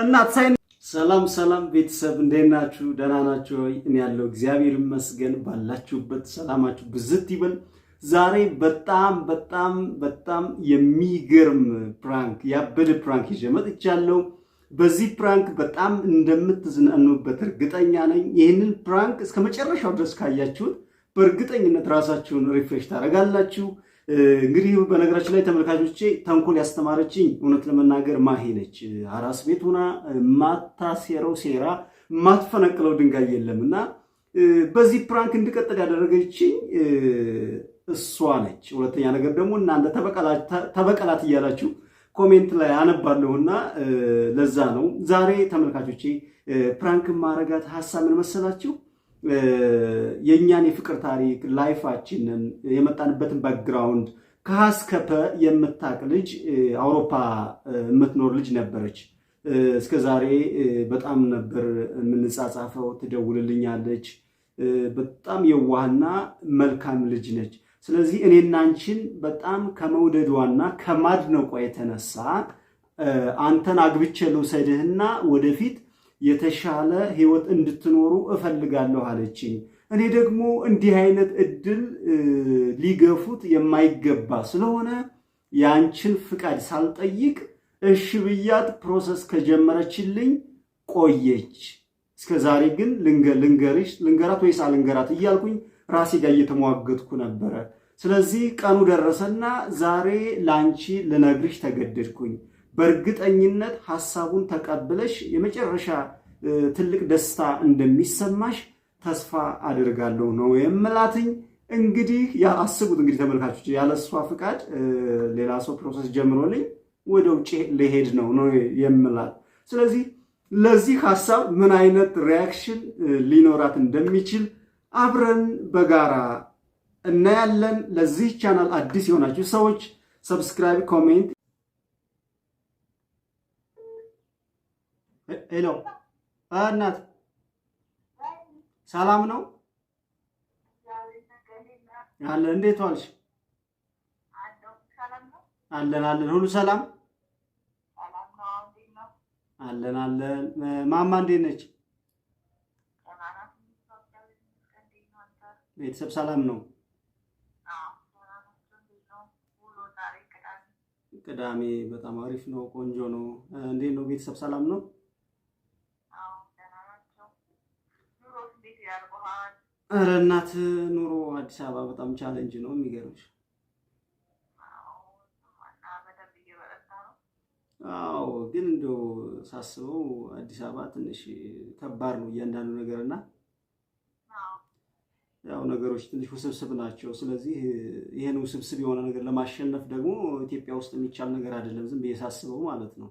እናት ሳይ ሰላም ሰላም ቤተሰብ እንዴት ናችሁ? ደህና ናችሁ ወይ? እኔ ያለው እግዚአብሔር ይመስገን። ባላችሁበት ሰላማችሁ ብዝት ይበል። ዛሬ በጣም በጣም በጣም የሚገርም ፕራንክ ያበደ ፕራንክ ይዤ መጥቻለሁ። በዚህ ፕራንክ በጣም እንደምትዝናኑበት እርግጠኛ ነኝ። ይህንን ፕራንክ እስከ መጨረሻው ድረስ ካያችሁት በእርግጠኝነት ራሳችሁን ሪፍሬሽ ታደርጋላችሁ። እንግዲህ በነገራችን ላይ ተመልካቾቼ ተንኮል ያስተማረችኝ እውነት ለመናገር ማሄ ነች። አራስ ቤት ሆና ማታሴረው ሴራ ማትፈነቅለው ድንጋይ የለም እና በዚህ ፕራንክ እንድቀጥል ያደረገችኝ እሷ ነች። ሁለተኛ ነገር ደግሞ እናንተ ተበቀላት እያላችሁ ኮሜንት ላይ አነባለሁና ለዛ ነው ዛሬ ተመልካቾቼ ፕራንክ ማረጋት ሀሳብ ምን መሰላችሁ? የእኛን የፍቅር ታሪክ ላይፋችንን የመጣንበትን ባክግራውንድ ከሀስከፐ የምታቅ ልጅ አውሮፓ የምትኖር ልጅ ነበረች። እስከ ዛሬ በጣም ነበር የምንጻጻፈው። ትደውልልኛለች። በጣም የዋህና መልካም ልጅ ነች። ስለዚህ እኔና አንቺን በጣም ከመውደዷና ከማድነቋ የተነሳ አንተን አግብቼ ልውሰድህና ወደፊት የተሻለ ህይወት እንድትኖሩ እፈልጋለሁ አለችኝ። እኔ ደግሞ እንዲህ አይነት እድል ሊገፉት የማይገባ ስለሆነ የአንችን ፍቃድ ሳልጠይቅ እሺ ብያት ፕሮሰስ ከጀመረችልኝ ቆየች። እስከ ዛሬ ግን ልንገርሽ ልንገራት ወይስ አልንገራት እያልኩኝ ራሴ ጋር እየተሟገጥኩ ነበረ። ስለዚህ ቀኑ ደረሰና ዛሬ ለአንቺ ልነግርሽ ተገደድኩኝ። በእርግጠኝነት ሐሳቡን ተቀብለሽ የመጨረሻ ትልቅ ደስታ እንደሚሰማሽ ተስፋ አድርጋለሁ ነው የምላትኝ። እንግዲህ አስቡት እንግዲህ ተመልካቾች፣ ያለሷ ፍቃድ ሌላ ሰው ፕሮሰስ ጀምሮልኝ ወደ ውጭ ልሄድ ነው ነው የምላት። ስለዚህ ለዚህ ሐሳብ ምን አይነት ሪያክሽን ሊኖራት እንደሚችል አብረን በጋራ እናያለን። ለዚህ ቻናል አዲስ የሆናችሁ ሰዎች ሰብስክራይብ፣ ኮሜንት፣ ሄሎ እናት ሰላም ነው አለን። እንዴት ዋልሽ? አለን አለን። ሁሉ ሰላም አለን አለን። ማማ እንዴት ነች? ቤተሰብ ሰላም ነው። ቅዳሜ በጣም አሪፍ ነው። ቆንጆ ነው። እንዴት ነው ቤተሰብ ሰላም ነው? ኧረ እናት ኑሮ አዲስ አበባ በጣም ቻለንጅ ነው የሚገርምሽ። አዎ ግን እንደው ሳስበው አዲስ አበባ ትንሽ ከባድ ነው እያንዳንዱ ነገር እና ያው ነገሮች ትንሽ ውስብስብ ናቸው። ስለዚህ ይህን ውስብስብ የሆነ ነገር ለማሸነፍ ደግሞ ኢትዮጵያ ውስጥ የሚቻል ነገር አይደለም፣ ዝም ብዬ ሳስበው ማለት ነው።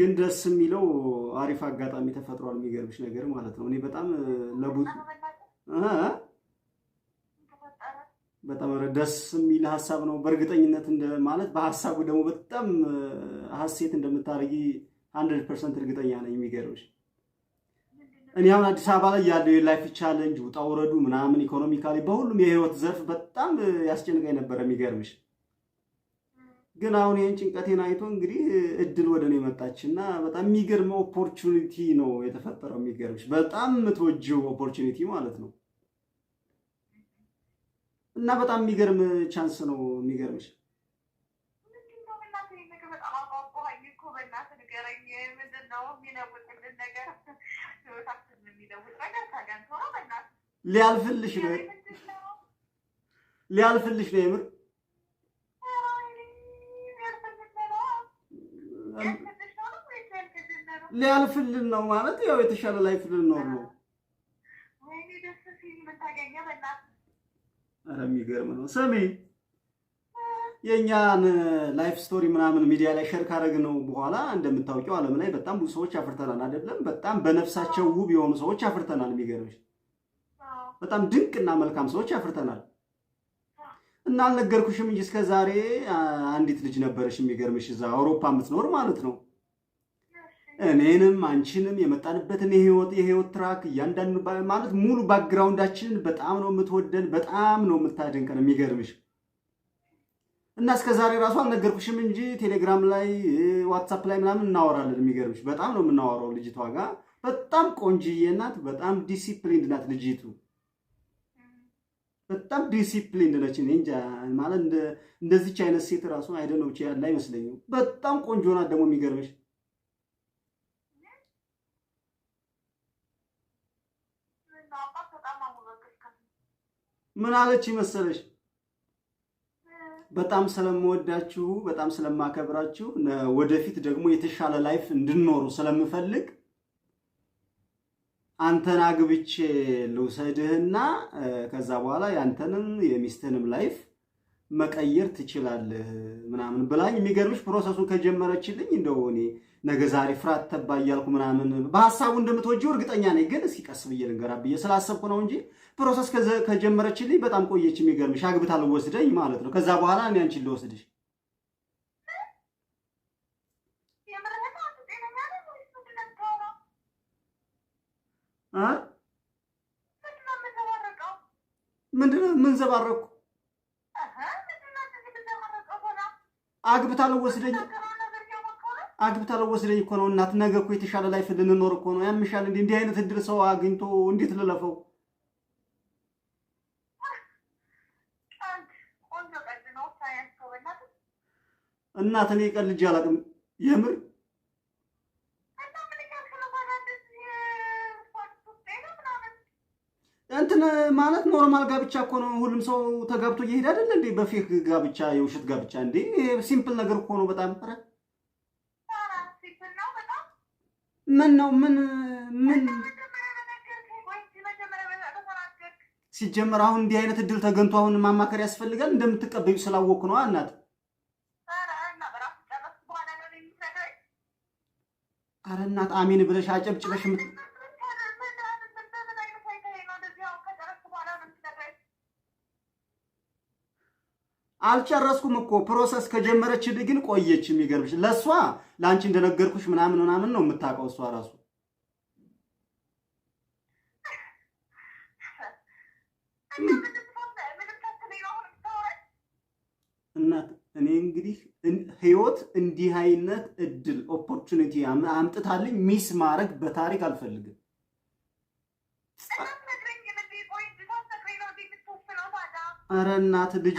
ግን ደስ የሚለው አሪፍ አጋጣሚ ተፈጥሯል። የሚገርምሽ ነገር ማለት ነው እኔ በጣም ለቡት በጣም ደስ የሚል ሀሳብ ነው። በእርግጠኝነት ማለት በሀሳቡ ደግሞ በጣም ሀሴት እንደምታደርጊ ሀንድረድ ፐርሰንት እርግጠኛ ነኝ። የሚገርምሽ እኔ አሁን አዲስ አበባ ላይ ያለው የላይፍ ቻለንጅ ውጣ ውረዱ ምናምን ኢኮኖሚካሊ በሁሉም የህይወት ዘርፍ በጣም ያስጨንቀኝ ነበረ። የሚገርምሽ ግን አሁን ይህን ጭንቀቴን አይቶ እንግዲህ እድል ወደ ነው የመጣች እና በጣም የሚገርም ኦፖርቹኒቲ ነው የተፈጠረው። የሚገርምሽ በጣም የምትወጂው ኦፖርቹኒቲ ማለት ነው እና በጣም የሚገርም ቻንስ ነው የሚገርምሽ ሊያልፍልሽ ነው ሊያልፍልሽ ነው የምር ሊያልፍልን ነው ማለት ያው የተሻለ ላይፍ ልንኖር ነው። ኧረ የሚገርም ነው። ስሚ የእኛን ላይፍ ስቶሪ ምናምን ሚዲያ ላይ ሸር ካደረግነው በኋላ እንደምታውቂው ዓለም ላይ በጣም ብዙ ሰዎች አፍርተናል አይደለም? በጣም በነፍሳቸው ውብ የሆኑ ሰዎች አፍርተናል። የሚገርምሽ በጣም ድንቅና መልካም ሰዎች አፍርተናል። እና አልነገርኩሽም እንጂ እስከ ዛሬ አንዲት ልጅ ነበረሽ፣ የሚገርምሽ እዛ አውሮፓ የምትኖር ማለት ነው። እኔንም አንቺንም የመጣንበትን የህይወት የህይወት ትራክ እያንዳንዱ ማለት ሙሉ ባክግራውንዳችንን በጣም ነው የምትወደን፣ በጣም ነው የምታደንቀን። የሚገርምሽ እና እስከ ዛሬ ራሱ አልነገርኩሽም እንጂ ቴሌግራም ላይ ዋትሳፕ ላይ ምናምን እናወራለን። የሚገርምሽ በጣም ነው የምናወራው ልጅቷ ጋር። በጣም ቆንጅዬ ናት፣ በጣም ዲሲፕሊንድ ናት ልጅቱ። በጣም ዲሲፕሊን ነች። እንጃ ማለት እንደዚች አይነት ሴት ራሱ አይደለም ብቻ ያለ አይመስለኝም። በጣም ቆንጆ ናት። ደግሞ የሚገርምሽ ምን አለች መሰለሽ በጣም ስለምወዳችሁ፣ በጣም ስለማከብራችሁ፣ ወደፊት ደግሞ የተሻለ ላይፍ እንድኖሩ ስለምፈልግ አንተን አግብቼ ልውሰድህና ከዛ በኋላ ያንተንም የሚስትህንም ላይፍ መቀየር ትችላለህ ምናምን ብላኝ፣ የሚገርምሽ ፕሮሰሱን ከጀመረችልኝ እንደው እኔ ነገ ዛሬ ፍራት ተባ እያልኩ ምናምን በሀሳቡ እንደምትወጂው እርግጠኛ ነኝ፣ ግን እስኪ ቀስ ብዬ ልንገራ ብዬ ስላሰብኩ ነው እንጂ ፕሮሰስ ከጀመረችልኝ በጣም ቆየች። የሚገርምሽ አግብታ ልወስደኝ ማለት ነው። ከዛ በኋላ እኔ አንቺን ልወስድሽ ምንድን ነው የምንዘባረኩ? አግብታለሁ ወስደኝ አግብታለሁ ወስደኝ እኮ ነው እናት። ነገ እኮ የተሻለ ላይፍ ልንኖር እኮ ነው። ያምሻል እንዴ? እንዲህ አይነት እድል ሰው አግኝቶ እንዴት ልለፈው? እናት እኔ ቀልጄ አላውቅም የምር ማለት ኖርማል ጋብቻ እኮ ነው። ሁሉም ሰው ተጋብቶ እየሄደ አይደለ እንዴ? በፌክ ጋብቻ፣ የውሸት ጋብቻ እንዴ? ሲምፕል ነገር እኮ ነው በጣም ኧረ ምን ነው ምን ምን ሲጀመር አሁን እንዲህ አይነት እድል ተገንቶ አሁን ማማከር ያስፈልጋል። እንደምትቀበዩ ስላወቅኩ ነው እናት። ኧረ እናት አሜን ብለሽ አጨብጭበሽ አልጨረስኩም እኮ ፕሮሰስ ከጀመረች ግን ቆየች። የሚገርምሽ ለእሷ ለአንቺ እንደነገርኩሽ ምናምን ምናምን ነው የምታውቀው እሷ ራሱ እናት እኔ እንግዲህ ህይወት እንዲህ አይነት እድል ኦፖርቹኒቲ አምጥታልኝ ሚስ ማድረግ በታሪክ አልፈልግም። ኧረ እናት ልጅ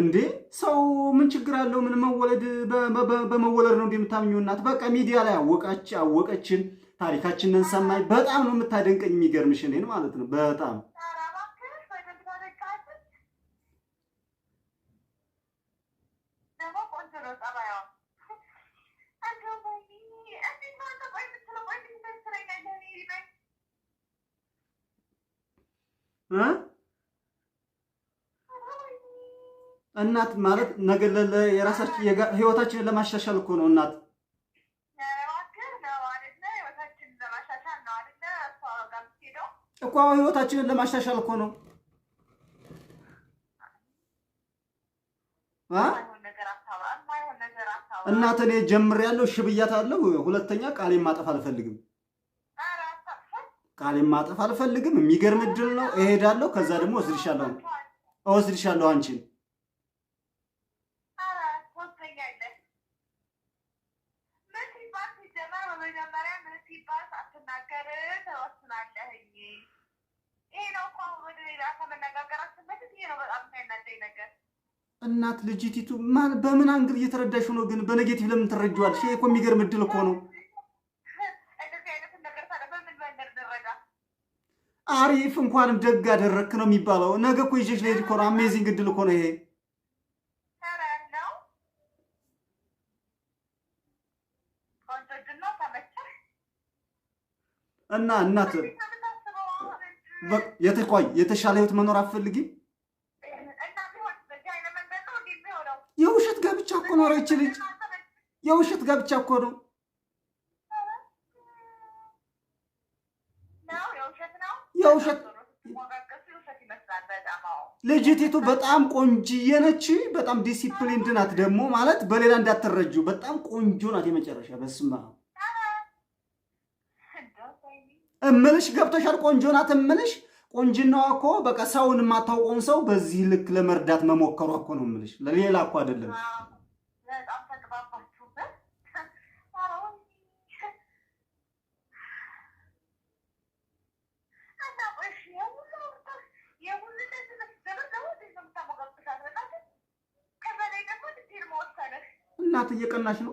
እንዴ ሰው ምን ችግር አለው? ምን መወለድ በመወለድ ነው እንደምታምኙ እናት በቃ ሚዲያ ላይ አወቃች አወቀችን፣ ታሪካችንን ሰማኝ። በጣም ነው የምታደንቀኝ የሚገርምሽ እኔን ማለት ነው በጣም እ እናት ማለት ነገ የራሳችን ህይወታችንን ለማሻሻል እኮ ነው። እናት እኮ ህይወታችንን ለማሻሻል እኮ ነው። እናት እኔ ጀምሬያለሁ፣ እሺ ብያታለሁ። ሁለተኛ ቃሌን ማጠፍ አልፈልግም። ቃሌን ማጠፍ አልፈልግም። የሚገርም እድል ነው። እሄዳለሁ። ከዛ ደግሞ እወስድሻለሁ፣ እወስድሻለሁ አንቺን ሌላው እኮ ወደ ሌላ ከመነጋገራችን በፊት ይሄ ነው በጣም የሚያናደኝ ነገር። እናት ልጅቲቱ በምን አንግል እየተረዳሽ ነው? ግን በኔጌቲቭ ለምን ትረጃዋል? ሼ እኮ የሚገርም እድል እኮ ነው። አሪፍ እንኳንም ደግ አደረክ ነው የሚባለው። ነገ እኮ ይዤሽ ልሄድ እኮ ነው። አሜዚንግ እድል እኮ ነው ይሄ። እና እናት የተቋይ የተሻለ ህይወት መኖር አትፈልጊም? የውሸት ጋብቻ እኮ ይች ልጅ የውሸት ጋብቻ እኮ ነው። ልጅቲቱ በጣም ቆንጅዬ ነች። በጣም ዲሲፕሊንድ ናት ደግሞ ማለት በሌላ እንዳትረጁ በጣም ቆንጆ ናት። የመጨረሻ በስማ እምልሽ ገብቶሻል? ቆንጆ ናት እምልሽ። ቆንጅናዋ እኮ በቃ ሰውን የማታውቀውን ሰው በዚህ ልክ ለመርዳት መሞከሯ እኮ ነው እምልሽ፣ ለሌላ እኮ አይደለም። እናት እየቀናሽ ነው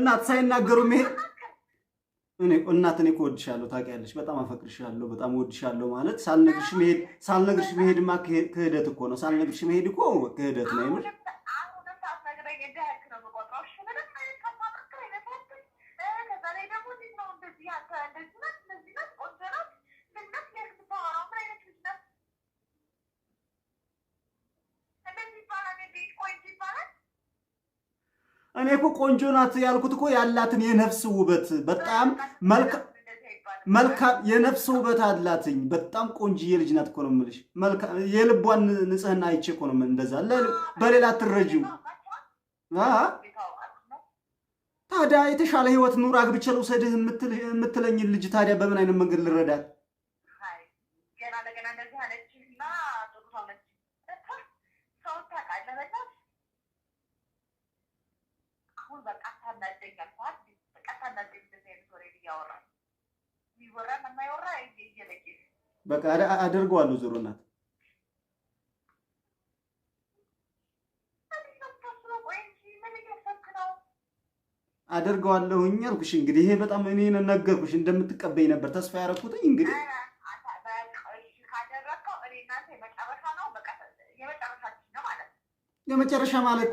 እናት ሳይናገሩ መሄድ እኔ እናት እኔ እኮ እወድሻለሁ ታውቂያለሽ፣ በጣም አፈቅርሻለሁ፣ በጣም እወድሻለሁ ማለት ሳልነግርሽ መሄድ ሳልነግርሽ መሄድማ ክህደት እኮ ነው። ሳልነግርሽ መሄድ እኮ ክህደት ነው። እኔ እኮ ቆንጆ ናት ያልኩት እኮ ያላትን የነፍስ ውበት በጣም መልካም የነፍስ ውበት አላትኝ። በጣም ቆንጅዬ ልጅ ናት እኮ ነው የምልሽ። የልቧን ንጽህና አይቼ እኮ ነው እንደዛ። በሌላ አትረጂው። ታዲያ የተሻለ ህይወት ኑር አግብቼ ልውሰድህ የምትለኝን ልጅ ታዲያ በምን አይነት መንገድ ልረዳት? ታናደኝ አልኳት። በቃ ታናደኝ እንደዚህ አይነት ወሬ እያወራ የሚወራ የማይወራ እየለጌ በቃ አደርገዋለሁ ዞሮ እናት አደርገዋለሁኝ አልኩሽ። እንግዲህ ይሄ በጣም እኔን ነገርኩሽ እንደምትቀበኝ ነበር ተስፋ ያደረኩትኝ። እንግዲህ የመጨረሻ ማለት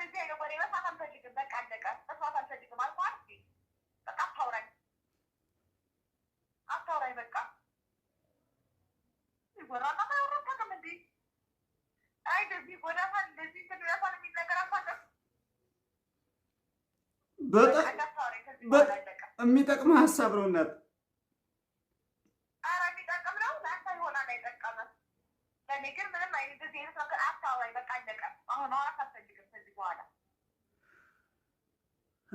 የሚጎዳ እና ታወረባቅም እንዴ? አይ እንደዚህ ጎዳታል፣ እንደዚህ የሚል ነገር በጣም የሚጠቅም ሀሳብ ነው እናት። ኧረ የሚጠቅም ነው ለአንተ ይሆናል፣ አይጠቀምም። ለእኔ ግን ምንም አይነት እንደዚህ አይነት ነገር አታወራኝ። በቃ አለቀ። አሁን አዋራ አታስፈልግም ከዚህ በኋላ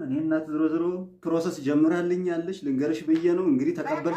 እኔ እናት ዝሮ ዝሮ ፕሮሰስ ጀምራልኛለች ልንገርሽ ብዬ ነው እንግዲህ ተቀበል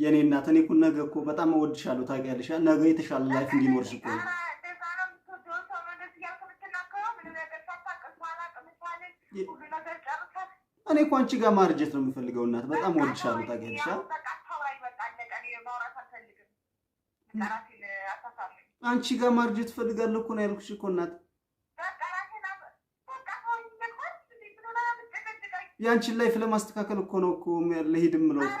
የኔ እናት እኔ እኮ ነገ እኮ በጣም እወድሻለሁ። ታውቂያለሽ፣ ነገ የተሻለ ላይፍ እንዲኖርሽ እኮ እኔ እኮ አንቺ ጋር ማርጀት ነው የምፈልገው እናት፣ በጣም እወድሻለሁ። ታውቂያለሽ። አንቺ ጋር ማርጀት እፈልጋለሁ እኮ ነው ያልኩሽ እኮ እናት። የአንቺን ላይፍ ለማስተካከል እኮ ነው እኮ ልሄድ የምለው እኮ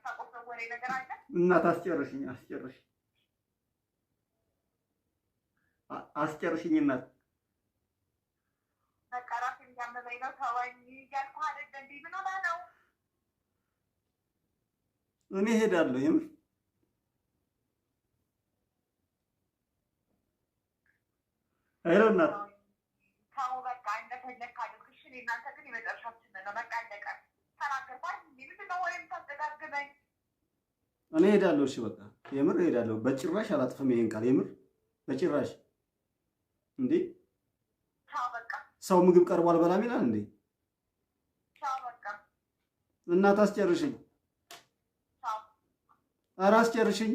እናት አስጨርሽኝ፣ አስጨርሽ፣ አስጨርሽኝ እናት እኔ ሄዳለሁ የምር ሄሎ እናት በቃ እኔ ሄዳለሁ። እሺ በቃ የምር ሄዳለሁ። በጭራሽ አላጥፍም ይሄን ቃል የምር በጭራሽ። እንዴ ሰው ምግብ ቀርቧል በላም ይላል እንዴ? እናት አስጨርሽኝ፣ ኧረ አስጨርሽኝ።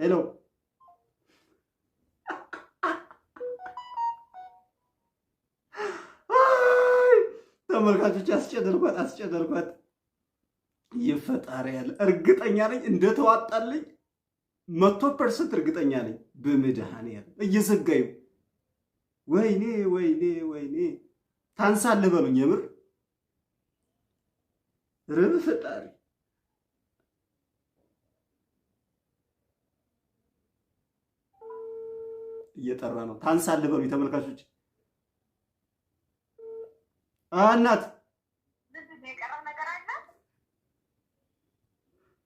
ሄሎ ተመልካቾች፣ አስጨደልኳት፣ አስጨደልኳት። ይፈጣሪ ያለ እርግጠኛ ነኝ እንደተዋጣልኝ መቶ ፐርሰንት እርግጠኛ ነኝ። በመድሃን ያለ እየዘጋዩ ወይኔ ወይኔ ወይኔ ታንሳለህ በሉኝ። የምር ርብ ፈጣሪ እየጠራ ነው። ታንሳለህ በሉኝ ተመልካቾች እናት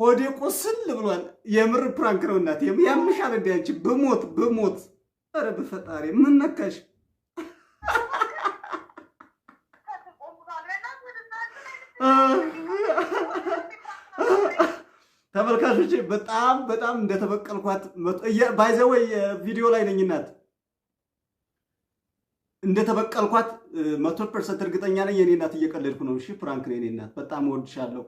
ሆዴ ቁስል ብሏል። የምር ፕራንክ ነው እናት ያምሻል። እንደ አንቺ ብሞት ብሞት። ኧረ በፈጣሪ ምን ነካሽ? ተመልካቾቼ በጣም በጣም እንደተበቀልኳት ባይዘወይ ቪዲዮ ላይ ነኝ እናት እንደተበቀልኳት መቶ ፐርሰንት እርግጠኛ ነኝ። የኔ እናት እየቀለድኩ ነው። እሺ ፕራንክ ነው የኔ እናት። በጣም እወድሻለሁ።